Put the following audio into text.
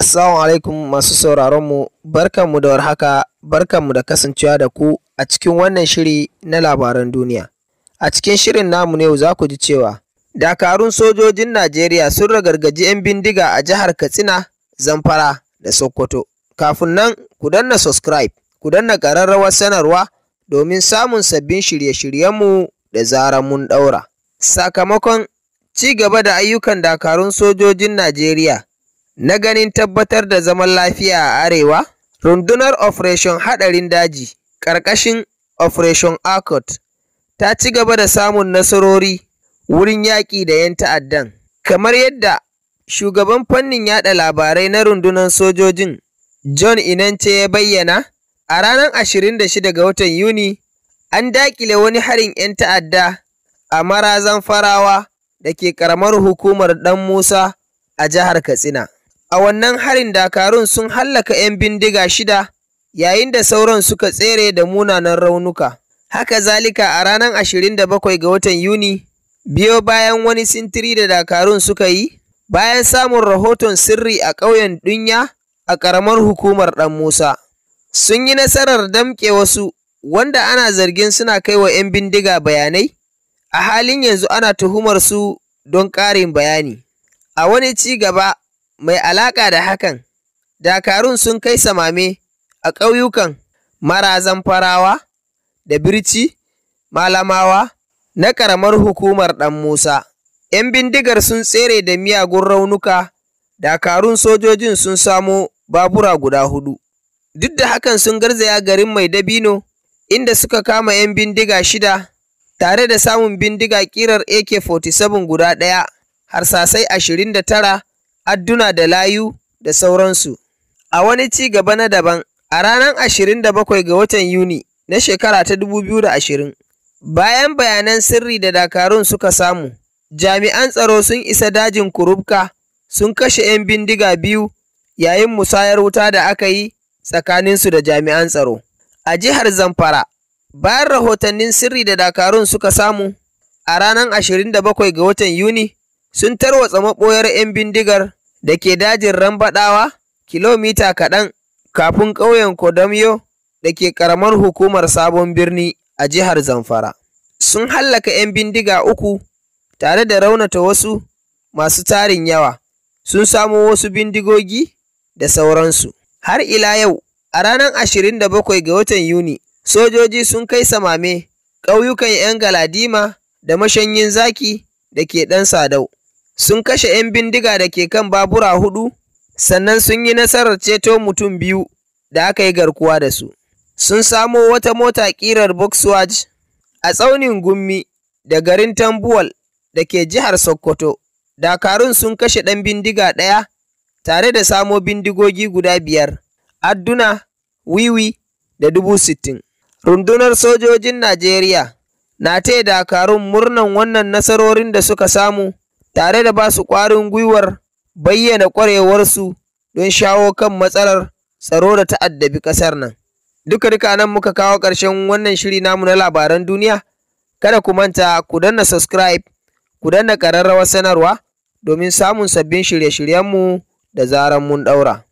Assalamu alaikum masu sauraronmu, barkanmu da warhaka, barkanmu da kasancewa da ku a cikin wannan shiri na labaran duniya. A cikin shirin namu ne za ku ji cewa, Dakarun sojojin Najeriya sun ragargaji 'yan bindiga a jihar Katsina, Zamfara da Sokoto. Kafin nan, ku danna subscribe, ku danna ƙararrawar sanarwa domin samun sabbin shirye-shiryenmu da zarar mun ɗaura. Sakamakon ci gaba da ayyukan dakarun sojojin Najeriya. na ganin tabbatar da zaman lafiya a Arewa, rundunar Operation Haɗarin Daji ƙarƙashin Operation Accord ta ci gaba da samun nasarori wurin yaƙi da 'yan ta'addan, kamar yadda shugaban fannin yaɗa labarai na rundunar sojojin John Inance ya bayyana, a ranar 26 ga watan Yuni, an daƙile wani harin 'yan ta'adda a marazan farawa da ke ƙaramar hukumar Ɗan Musa a jihar Katsina. A wannan harin dakarun sun hallaka 'yan bindiga shida yayin da sauran suka tsere da munanan raunuka. Haka zalika a ranar 27 ga watan Yuni, biyo bayan wani sintiri da dakarun suka yi, bayan samun rahoton sirri a ƙauyen Dunya a ƙaramar hukumar Ɗan Musa. Sun yi nasarar damƙe wasu wanda ana zargin suna kai wa 'yan bindiga bayanai, a halin yanzu ana tuhumar su don ƙarin bayani. A wani ci gaba, mai alaƙa da hakan, dakarun sun kai samame a ƙauyukan marazan farawa da birci malamawa na ƙaramar hukumar ɗan Musa. ‘Yan bindigar sun tsere da miyagun raunuka, dakarun sojojin sun samo babura guda hudu. Duk da hakan sun garzaya garin mai dabino, inda suka kama ‘yan bindiga shida, tare da samun bindiga ƙirar AK-47 guda ɗaya, harsasai ashirin da tara adduna da layu da sauransu. A wani ci gaba na daban, a ranar 27 ga watan Yuni na shekara ta da 2020, bayan bayanan sirri da dakarun suka samu, jami'an tsaro sun isa dajin Kurubka sun kashe 'yan bindiga biyu yayin musayar wuta da aka yi tsakaninsu da jami'an tsaro. A jihar Zamfara, bayan rahotannin sirri da dakarun suka samu, a ranar 27 ga watan Yuni, sun tarwatsa maɓoyar 'yan bindigar da ke dajin Rambaɗawa, kilomita kaɗan kafin ƙauyen Kodamyo da ke ƙaramar hukumar Sabon Birni a jihar Zamfara. Sun hallaka 'yan bindiga uku tare da raunata wasu masu tarin yawa, sun samo wasu bindigogi da sauransu. Har ila yau, a ranar ashirin da bakwai ga watan Yuni, sojoji sun kai samame ƙauyukan 'yan Galadima da mashanyin zaki da ke ɗan sadau. Sun kashe ‘yan bindiga da ke kan babura hudu, sannan sun yi nasarar ceto mutum biyu da aka yi garkuwa da su. Sun samo wata mota ƙirar Volkswagen a tsaunin Gummi da garin Tambuwal da ke jihar Sokoto. Dakarun sun kashe ɗan bindiga ɗaya tare da samo bindigogi guda biyar, adduna, wiwi da dubu sittin. Rundunar sojojin Najeriya na taya dakarun murnan wannan nasarorin da suka samu tare da ba su ƙwarin gwiwar bayyana ƙwarewarsu don shawo kan matsalar tsaro da ta'addabi ƙasar nan. Duka duka nan muka kawo ƙarshen wannan shiri namu na labaran duniya. Kada ku manta ku danna subscribe, ku danna ƙararrawar sanarwa domin samun sabbin shirye-shiryenmu da zaran mun ɗaura.